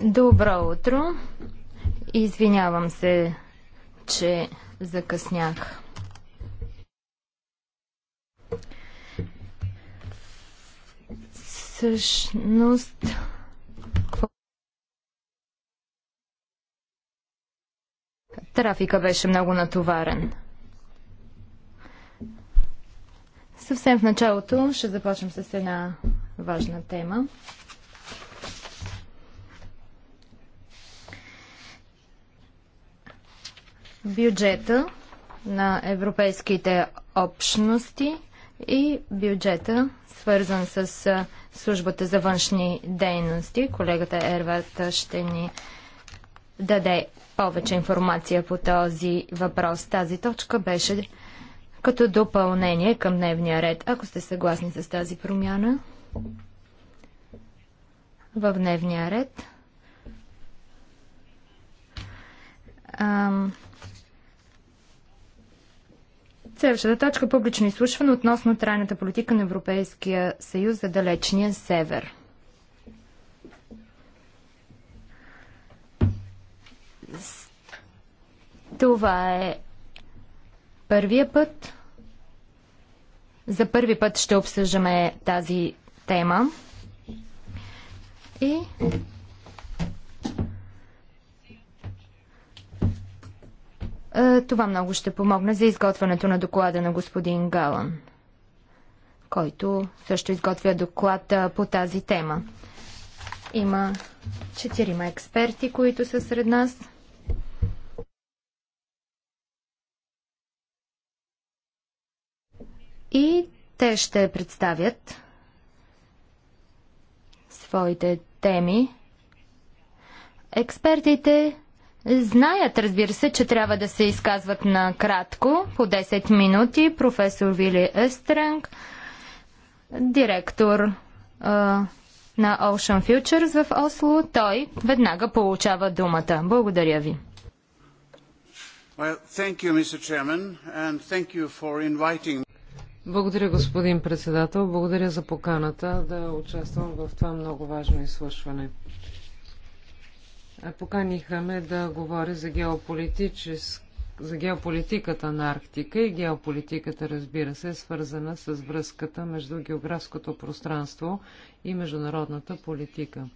Добро утро. Извинявам се, че закъснях. Всъщност, трафика беше много натоварен. Съвсем в началото ще започнем с една важна тема. Бюджета на европейските общности и бюджета, свързан с службата за външни дейности. Колегата Ерват ще ни даде повече информация по този въпрос. Тази точка беше като допълнение към дневния ред. Ако сте съгласни с тази промяна в дневния ред. Ам... Следващата точка – публично изслушване относно трайната политика на Европейския съюз за далечния север. Това е първия път. За първи път ще обсъждаме тази система и е, това много ще помогне за изготвянето на доклада на господин Галан, който също изготвя доклад е, по тази тема. Има четирима експерти, които са сред нас. И те ще представят своите теми. Експертите знаят, разбира се, че трябва да се изказват на кратко, по 10 минути. Професор Вили Естренг, директор а, на Ocean Futures в Осло, той веднага получава думата. Благодаря ви. Well, you, Chairman, благодаря, господин председател. Благодаря за поканата да участвам в това много важно изслушване. Поканиха ме да говоря за, за геополитиката на Арктика и геополитиката, разбира се, е свързана с връзката между географското пространство и международната политика.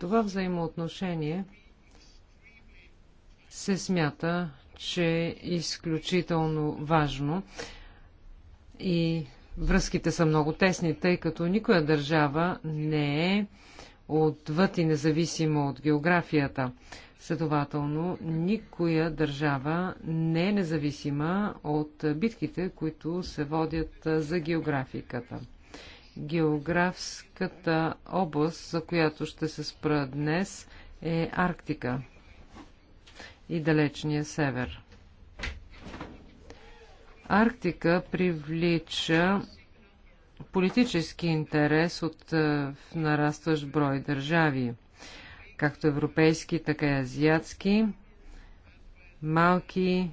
Това взаимоотношение се смята, че е изключително важно и връзките са много тесни, тъй като никоя държава не е отвъд и независимо от географията. Следователно, никоя държава не е независима от битките, които се водят за географиката. Географската област, за която ще се спра днес, е Арктика и далечния север. Арктика привлича политически интерес от е, нарастващ брой държави, както европейски, така и азиатски, малки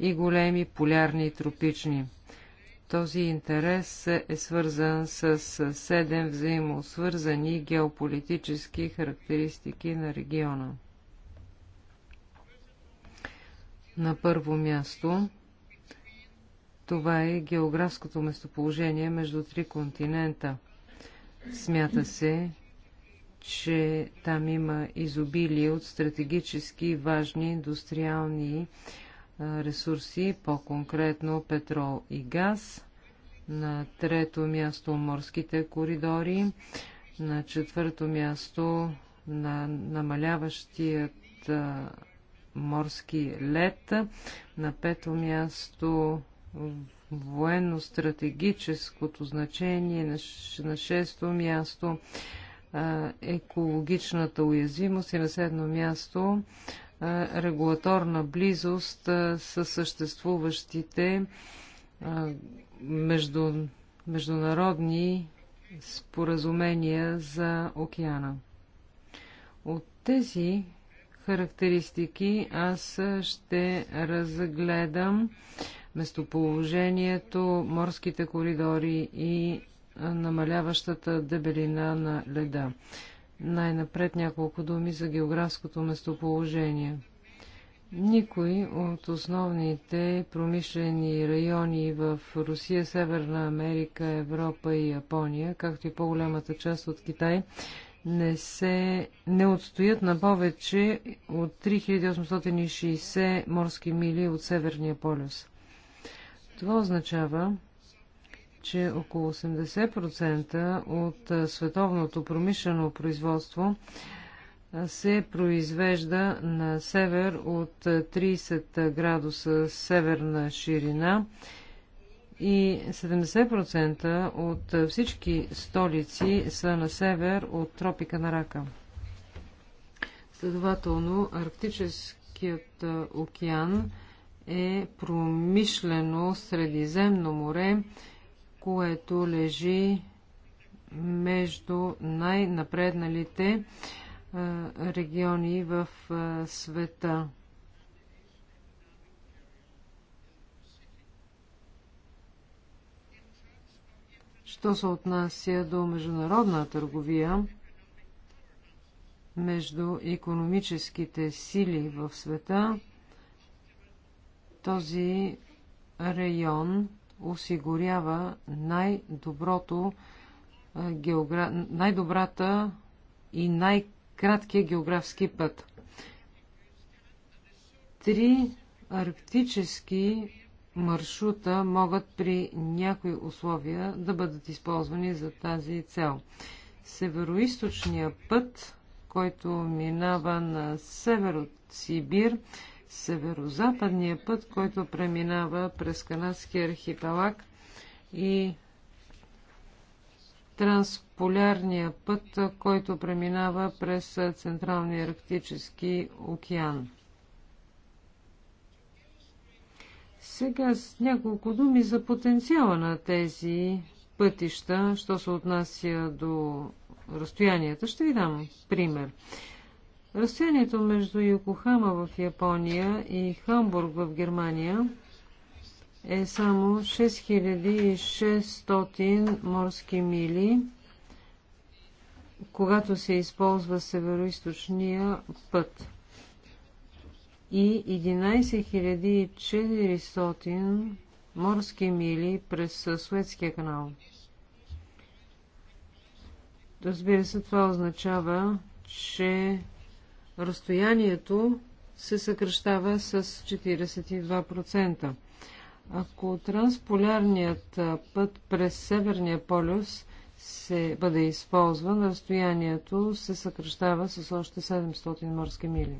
и големи, полярни и тропични. Този интерес е свързан с седем взаимосвързани геополитически характеристики на региона. На първо място това е географското местоположение между три континента. Смята се, че там има изобилие от стратегически важни индустриални ресурси, по-конкретно петрол и газ. На трето място морските коридори. На четвърто място на намаляващият морски лед. На пето място военно-стратегическото значение на, шесто място, екологичната уязвимост и на седно място регулаторна близост с съществуващите между, международни споразумения за океана. От тези характеристики аз ще разгледам местоположението, морските коридори и намаляващата дебелина на леда. Най-напред няколко думи за географското местоположение. Никой от основните промишлени райони в Русия, Северна Америка, Европа и Япония, както и по-голямата част от Китай, не, се, не отстоят на повече от 3860 морски мили от Северния полюс. Това означава, че около 80% от световното промишлено производство се произвежда на север от 30 градуса северна ширина и 70% от всички столици са на север от тропика на Рака. Следователно, Арктическият океан е промишлено Средиземно море, което лежи между най-напредналите региони в света. Що се отнася до международна търговия между економическите сили в света, този район осигурява най-доброто, най-добрата и най-краткия географски път. Три арктически маршрута могат при някои условия да бъдат използвани за тази цел. Североисточният път, който минава на север от Сибир, северо-западния път, който преминава през канадския архипелаг и трансполярния път, който преминава през Централния арктически океан. Сега с няколко думи за потенциала на тези пътища, що се отнася до разстоянията. Ще ви дам пример. Разстоянието между Йокохама в Япония и Хамбург в Германия е само 6600 морски мили, когато се използва североисточния път и 11400 морски мили през Суетския канал. Разбира се, това означава, че разстоянието се съкръщава с 42%. Ако трансполярният път през Северния полюс се бъде използван, разстоянието се съкръщава с още 700 морски мили.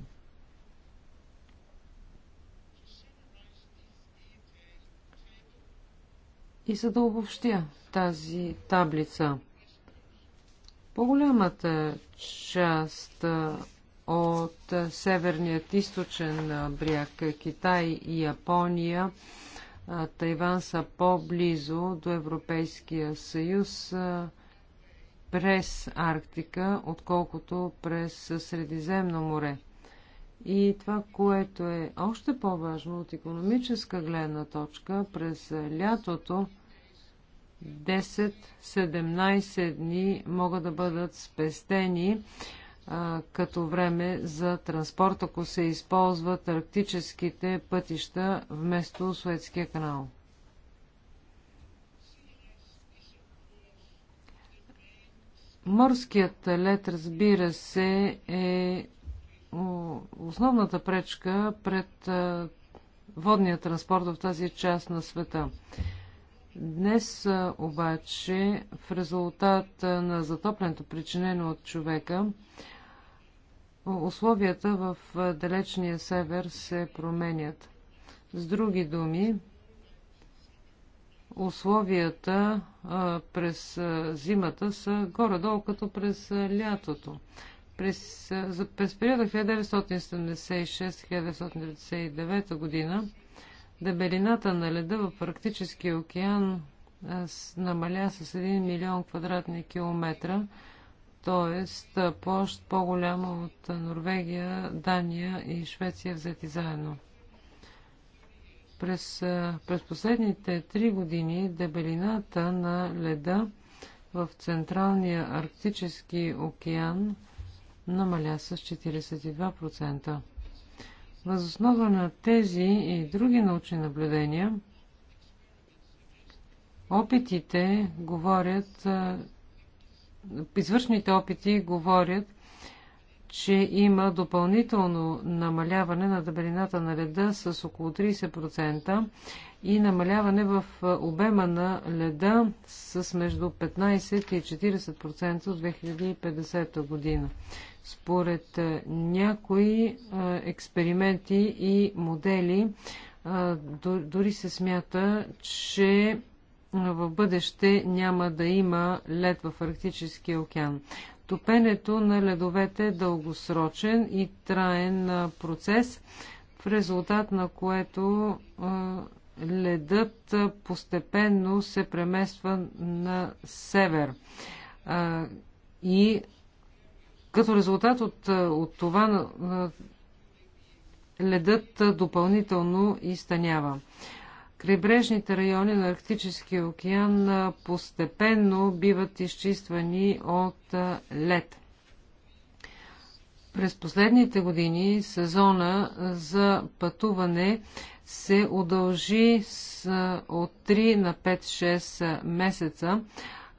И за да обобщя тази таблица, по-голямата част от северният източен бряг Китай и Япония. Тайван са по-близо до Европейския съюз през Арктика, отколкото през Средиземно море. И това, което е още по-важно от економическа гледна точка, през лятото 10-17 дни могат да бъдат спестени като време за транспорт, ако се използват арктическите пътища вместо Суетския канал. Морският лед, разбира се, е основната пречка пред водния транспорт в тази част на света. Днес обаче, в резултат на затоплянето, причинено от човека, условията в далечния север се променят. С други думи, условията през зимата са горе-долу като през лятото. През, през периода 1976-1999 година Дебелината на леда в Арктическия океан намаля с 1 милион квадратни километра, т.е. площ по-голяма от Норвегия, Дания и Швеция взети заедно. През, през последните три години дебелината на леда в Централния Арктически океан намаля с 42%. Възоснова на тези и други научни наблюдения, опитите говорят, извършните опити говорят че има допълнително намаляване на дебелината на леда с около 30% и намаляване в обема на леда с между 15 и 40% от 2050 година. Според някои експерименти и модели дори се смята, че в бъдеще няма да има лед в Арктическия океан. Топенето на ледовете е дългосрочен и траен процес, в резултат на което ледът постепенно се премества на север. И като резултат от, от това ледът допълнително изтънява крайбрежните райони на Арктическия океан постепенно биват изчиствани от лед. През последните години сезона за пътуване се удължи с, от 3 на 5-6 месеца,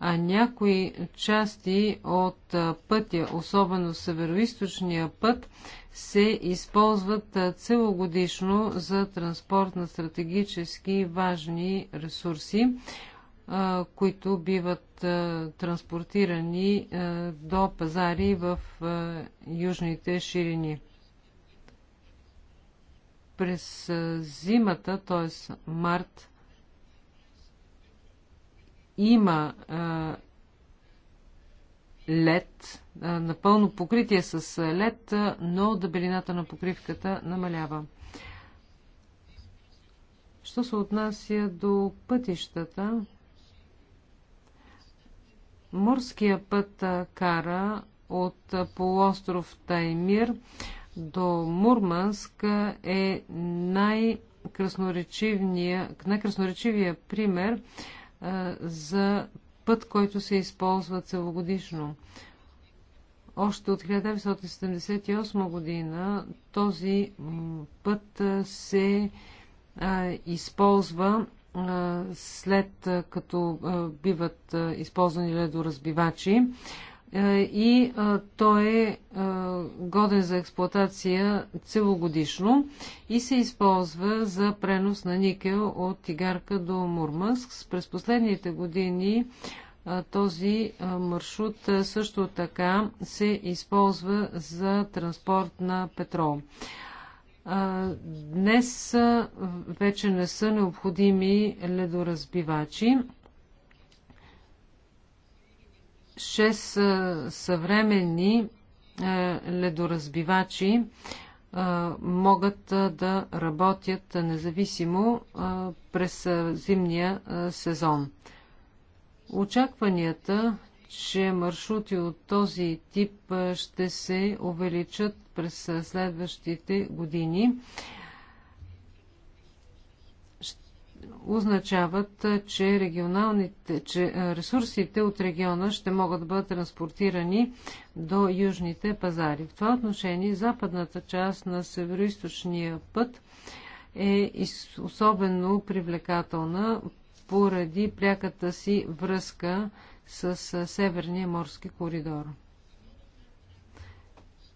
а някои части от пътя, особено североисточния път, се използват целогодишно за транспорт на стратегически важни ресурси, които биват транспортирани до пазари в южните ширини. През зимата, т.е. март има лед, напълно покритие с лед, но дебелината на покривката намалява. Що се отнася до пътищата, морския път кара от полуостров Таймир до Мурманск е най-красноречивия пример за път, който се използва целогодишно. Още от 1978 година този път се използва след като биват използвани ледоразбивачи е, и е, той е, е годен за експлоатация целогодишно и се използва за пренос на никел от Игарка до Мурманск. През последните години този маршрут също така се използва за транспорт на петрол. Днес вече не са необходими ледоразбивачи шест съвременни ледоразбивачи могат да работят независимо през зимния сезон. Очакванията, че маршрути от този тип ще се увеличат през следващите години, означават, че, регионалните, че ресурсите от региона ще могат да бъдат транспортирани до южните пазари. В това отношение западната част на северо път е особено привлекателна поради пряката си връзка с Северния морски коридор.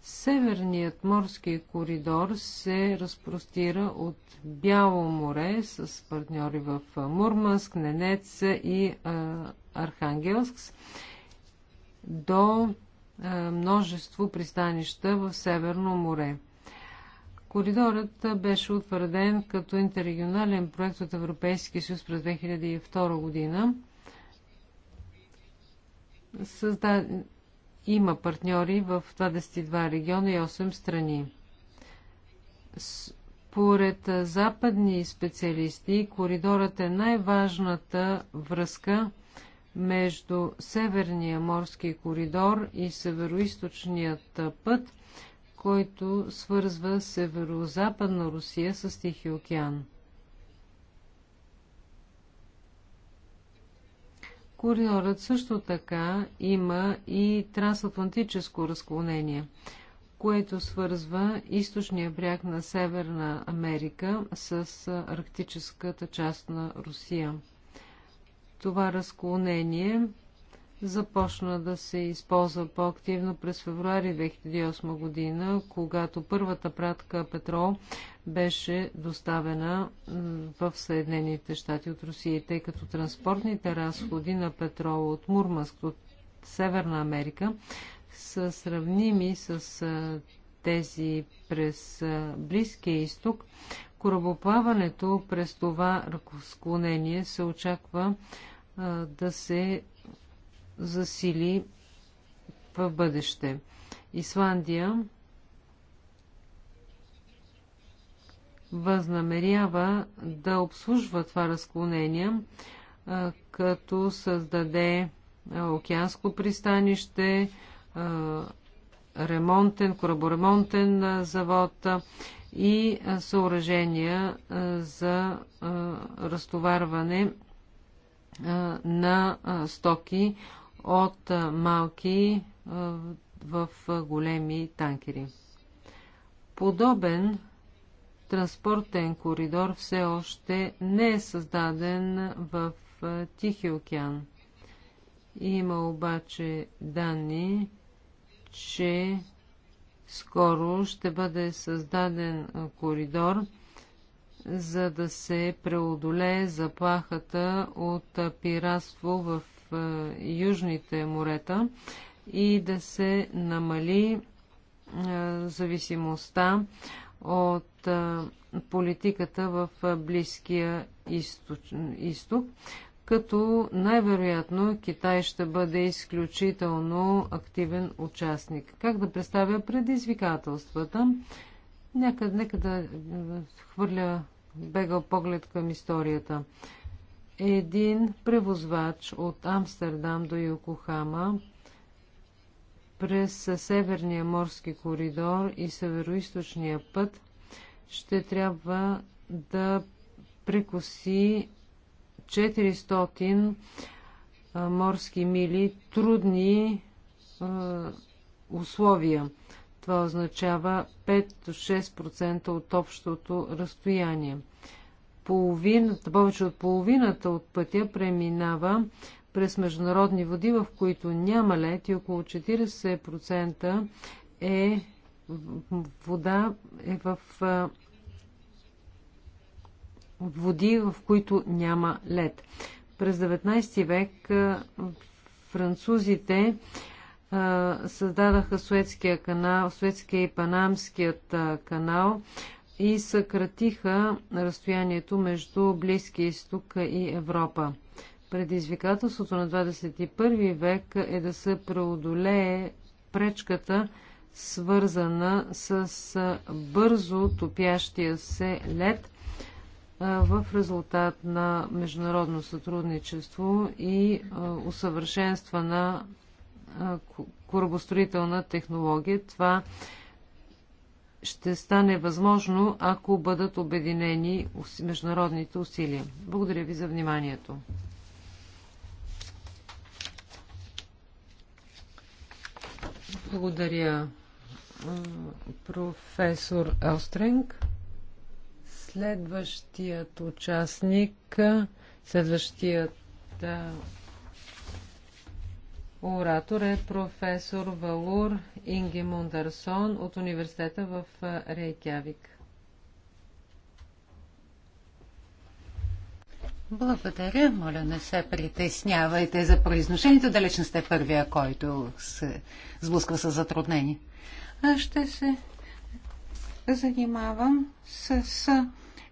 Северният морски коридор се разпростира от Бяло море с партньори в Мурманск, Ненец и Архангелск до множество пристанища в Северно море. Коридорът беше утвърден като интеррегионален проект от Европейския съюз през 2002 година. Създаден има партньори в 22 региона и 8 страни. Според западни специалисти, коридорът е най-важната връзка между Северния морски коридор и Североизточният път, който свързва северо-западна Русия с Тихи океан. Коридорът също така има и трансатлантическо разклонение, което свързва източния бряг на Северна Америка с арктическата част на Русия. Това разклонение започна да се използва по-активно през февруари 2008 година, когато първата пратка петрол беше доставена в Съединените щати от Русия, тъй като транспортните разходи на петрол от Мурманск от Северна Америка са сравними с тези през Близкия изток. Корабоплаването през това ръкосклонение се очаква да се засили в бъдеще. Исландия възнамерява да обслужва това разклонение, като създаде океанско пристанище, ремонтен, кораборемонтен завод и съоръжения за разтоварване на стоки от малки в големи танкери. Подобен транспортен коридор все още не е създаден в Тихи океан. Има обаче данни, че скоро ще бъде създаден коридор, за да се преодолее заплахата от пиратство в южните морета и да се намали зависимостта от политиката в Близкия изток, изток като най-вероятно Китай ще бъде изключително активен участник. Как да представя предизвикателствата? Нека, нека да хвърля бегал поглед към историята. Един превозвач от Амстердам до Йокохама през Северния морски коридор и Североизточния път ще трябва да прекоси 400 морски мили трудни е, условия. Това означава 5-6% от общото разстояние. Половин, повече от половината от пътя преминава през международни води, в които няма лед и около 40% е вода е в води, в които няма лед. През 19 век французите създадаха Суетския канал, Суетския и Панамският канал и съкратиха разстоянието между Близкия изток и Европа. Предизвикателството на 21 век е да се преодолее пречката, свързана с бързо топящия се лед в резултат на международно сътрудничество и усъвършенствана корабостроителна технология. Това ще стане възможно, ако бъдат обединени международните усилия. Благодаря ви за вниманието. Благодаря, професор Елстренг. Следващият участник, следващият оратор е професор Валур Ингемундарсон от университета в Рейкявик. Благодаря. Моля, не се притеснявайте за произношението. Далеч не сте първия, който се сблъсква с затруднение. Аз ще се занимавам с, с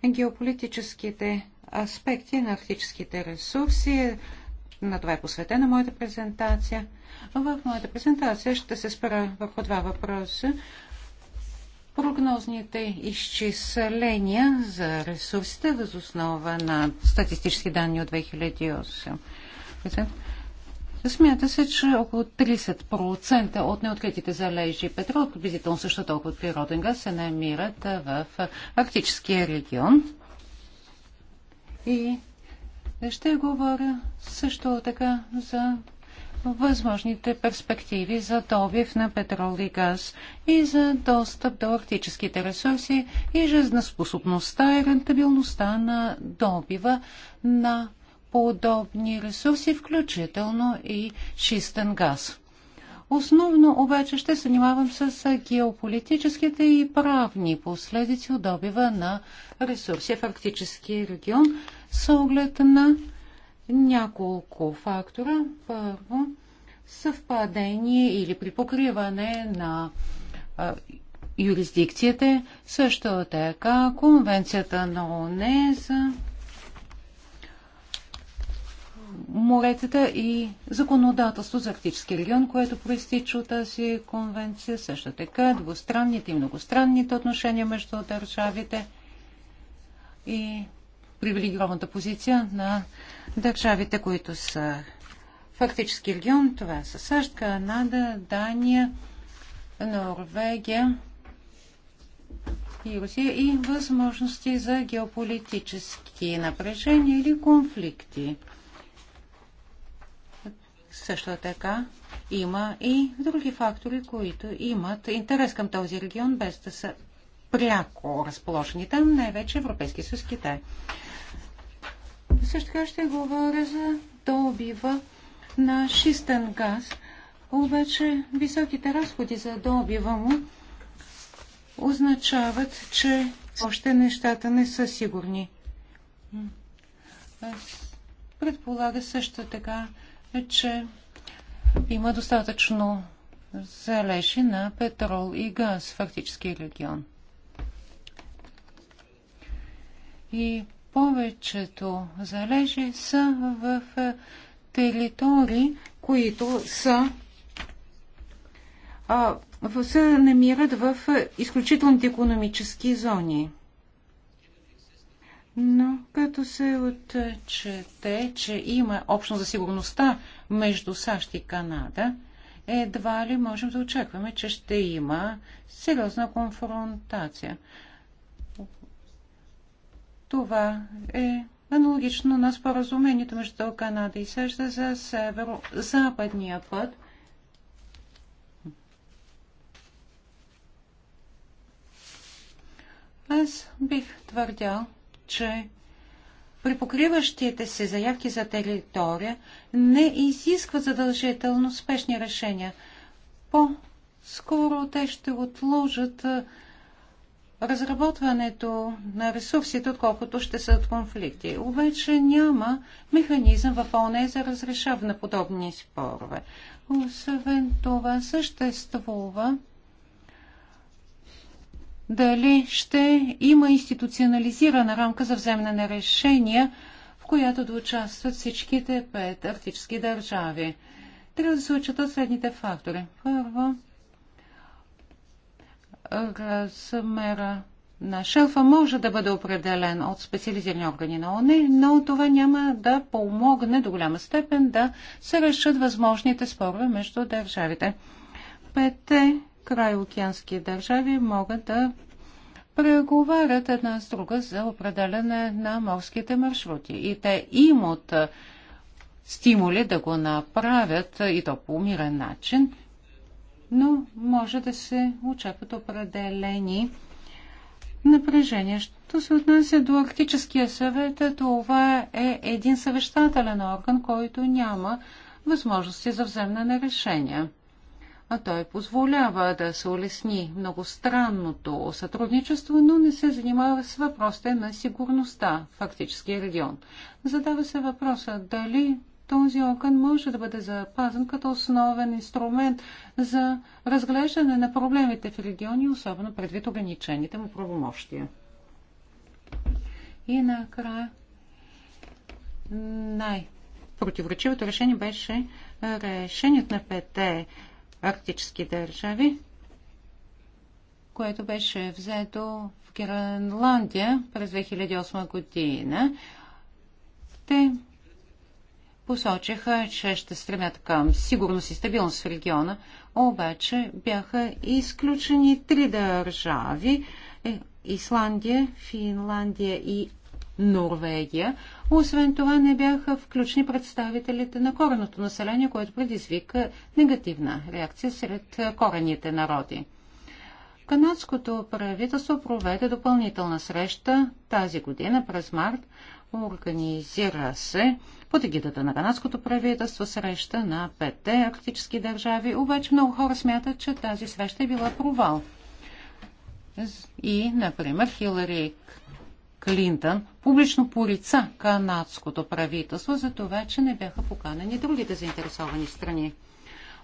геополитическите аспекти на арктическите ресурси. На това е посветена моята презентация. В моята презентация ще се спра върху два въпроса. Прогнозните изчисления за ресурсите въз основа на статистически данни от 2008 Смята се, че около 30% от неоткритите залежи петрол, приблизително също толкова от природен газ, се намират в Арктическия регион. И ще говоря също така за възможните перспективи за добив на петрол и газ и за достъп до арктическите ресурси и жизнеспособността и рентабилността на добива на подобни ресурси, включително и шистен газ. Основно обаче ще се занимавам с геополитическите и правни последици от добива на ресурси в арктическия регион с оглед на няколко фактора. Първо, съвпадение или при покриване на юрисдикцията, Също така Конвенцията на ОНЕ за моретата и законодателство за Арктически регион, което проистича от тази конвенция. Също така двустранните и многостранните отношения между държавите и привилегированата позиция на държавите, които са фактически регион. Това са САЩ, Канада, Дания, Норвегия и Русия и възможности за геополитически напрежения или конфликти. Също така има и други фактори, които имат интерес към този регион, без да са пряко разположени там, най-вече Европейски съюз Китай. Също така ще говоря за добива на шистен газ, обаче високите разходи за добива му означават, че още нещата не са сигурни. Предполага също така, че има достатъчно залежи на петрол и газ в фактически регион. И повечето залежи са в територии, които са а, се намират в изключителните економически зони. Но като се отчете, че има общност за сигурността между САЩ и Канада, едва ли можем да очакваме, че ще има сериозна конфронтация. Това е аналогично на споразумението между Канада и САЩ за северо-западния път. Аз бих твърдял, че при покриващите се заявки за територия не изискват задължително спешни решения. По-скоро те ще отложат разработването на ресурсите, отколкото ще са от конфликти. Обаче няма механизъм в ОНЕ за разрешаване на подобни спорове. Освен това съществува дали ще има институционализирана рамка за вземане на решения, в която да участват всичките пет арктически държави. Трябва да се отчитат следните фактори. Първо, размера на шелфа може да бъде определен от специализирани органи на ОНЕ, но това няма да помогне до голяма степен да се решат възможните спорове между държавите. Пете крайокеански държави могат да преговарят една с друга за определене на морските маршрути. И те имат стимули да го направят и то по умирен начин – но може да се очакват определени напрежения. Що се отнася до Арктическия съвет, това е един съвещателен орган, който няма възможности за вземане на решения. А той позволява да се улесни многостранното сътрудничество, но не се занимава с въпросите на сигурността в фактически регион. Задава се въпроса дали този орган може да бъде запазен като основен инструмент за разглеждане на проблемите в региони, особено предвид ограничените му правомощия. И накрая най-противоречивото решение беше е, решението на пете арктически държави, което беше взето в Гренландия през 2008 година. Те посочиха, че ще стремят към сигурност и стабилност в региона, обаче бяха изключени три държави е, Исландия, Финландия и Норвегия. Освен това не бяха включени представителите на кореното население, което предизвика негативна реакция сред корените народи. Канадското правителство проведе допълнителна среща тази година през март, Организира се под егидата на канадското правителство среща на петте арктически държави, обаче много хора смятат, че тази среща е била провал. И, например, Хилари Клинтън публично порица канадското правителство за това, че не бяха поканени другите заинтересовани страни.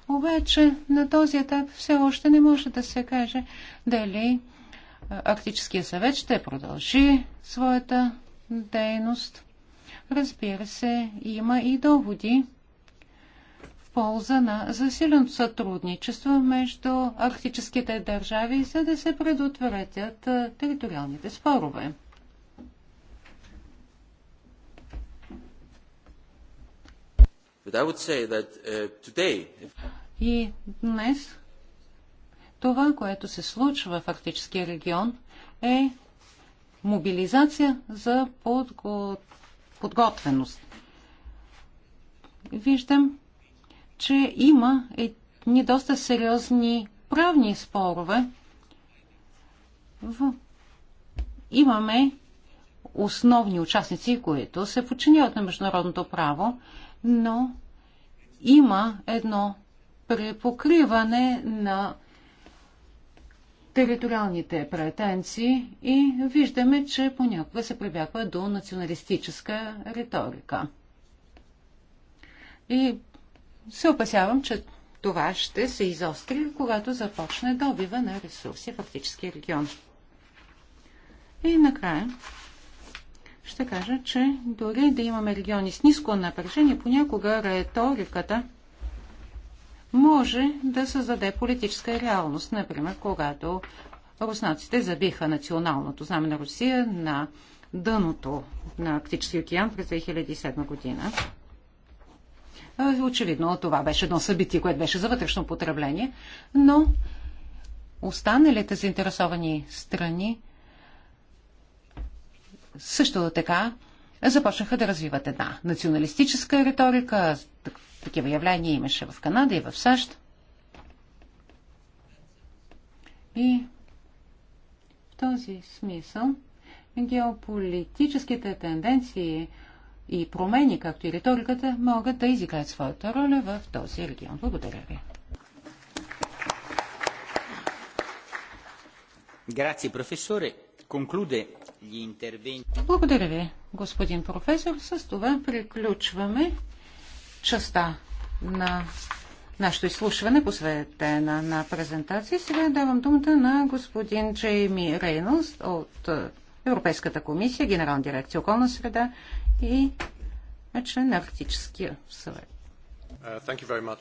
Обаче на този етап все още не може да се каже дали Арктическия съвет ще продължи своята дейност. Разбира се, има и доводи в полза на засиленото сътрудничество между арктическите държави, за да се предотвратят териториалните спорове. Uh, и днес това, което се случва в арктическия регион, е мобилизация за подго... подготвеност. Виждам, че има едни доста сериозни правни спорове. В... Имаме основни участници, които се подчиняват на международното право, но има едно препокриване на териториалните претенции и виждаме, че понякога се прибягва до националистическа риторика. И се опасявам, че това ще се изостри, когато започне добива на ресурси в фактически регион. И накрая ще кажа, че дори да имаме региони с ниско напрежение, понякога риториката – може да създаде политическа реалност. Например, когато руснаците забиха националното знаме на Русия на дъното на Арктическия океан през 2007 година. Очевидно, това беше едно събитие, което беше за вътрешно потребление, но останалите заинтересовани страни също така започнаха да развиват една националистическа риторика, такива явления имаше в Канада и в САЩ. И в този смисъл геополитическите тенденции и промени, както и риториката, могат да изиграят своята роля в този регион. Благодаря ви. Благодаря ви, господин професор. С това приключваме частта на нашето изслушване, посветена на презентация. Сега давам думата на господин Джейми Рейнолс от е, Европейската комисия, Генерална дирекция околна среда и член на Арктическия съвет. Uh,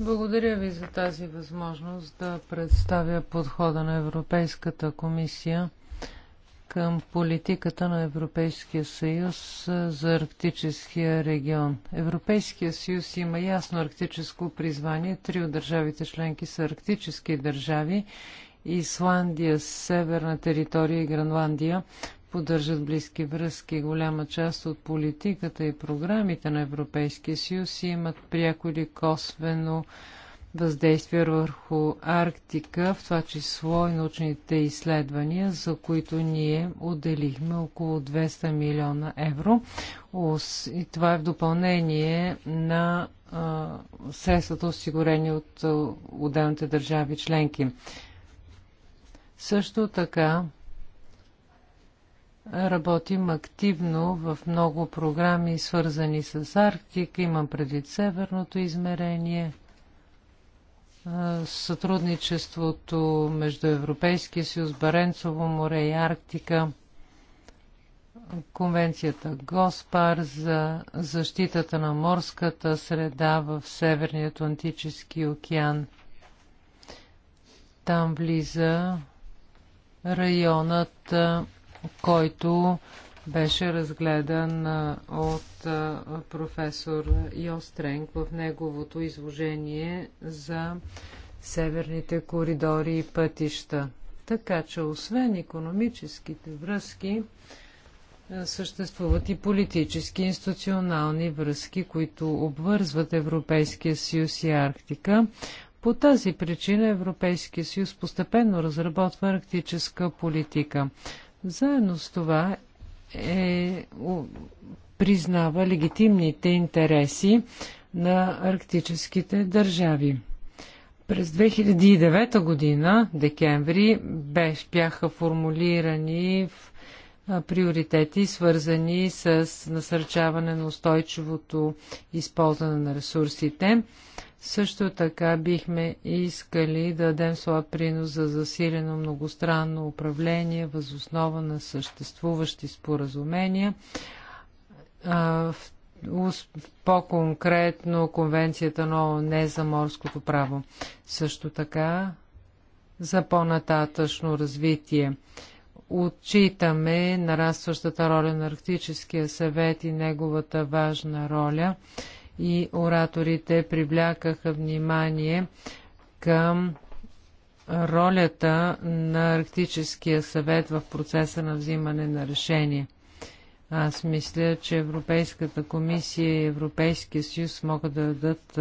Благодаря ви за тази възможност да представя подхода на Европейската комисия към политиката на Европейския съюз за арктическия регион. Европейския съюз има ясно арктическо призвание. Три от държавите членки са арктически държави. Исландия, Северна територия и Гренландия поддържат близки връзки. Голяма част от политиката и програмите на Европейския съюз имат пряко или косвено въздействие върху Арктика, в това число и научните изследвания, за които ние отделихме около 200 милиона евро. И това е в допълнение на средствата, осигурени от отделните държави членки. Също така работим активно в много програми, свързани с Арктика. Имам предвид северното измерение – сътрудничеството между Европейския съюз, Баренцово море и Арктика, конвенцията ГОСПАР за защитата на морската среда в Северния Атлантически океан. Там влиза районът, който беше разгледан от професор Йостренг в неговото изложение за северните коридори и пътища. Така че освен економическите връзки, съществуват и политически институционални връзки, които обвързват Европейския съюз и Арктика. По тази причина Европейския съюз постепенно разработва арктическа политика. Заедно с това е, признава легитимните интереси на арктическите държави. През 2009 година, декември, бяха формулирани в приоритети, свързани с насърчаване на устойчивото използване на ресурсите. Също така бихме искали да дадем своя принос за засилено многостранно управление възоснова на съществуващи споразумения. По-конкретно Конвенцията на ООН за морското право. Също така за по-нататъчно развитие. Отчитаме нарастващата роля на Арктическия съвет и неговата важна роля – и ораторите привлякаха внимание към ролята на Арктическия съвет в процеса на взимане на решение. Аз мисля, че Европейската комисия и Европейския съюз могат да дадат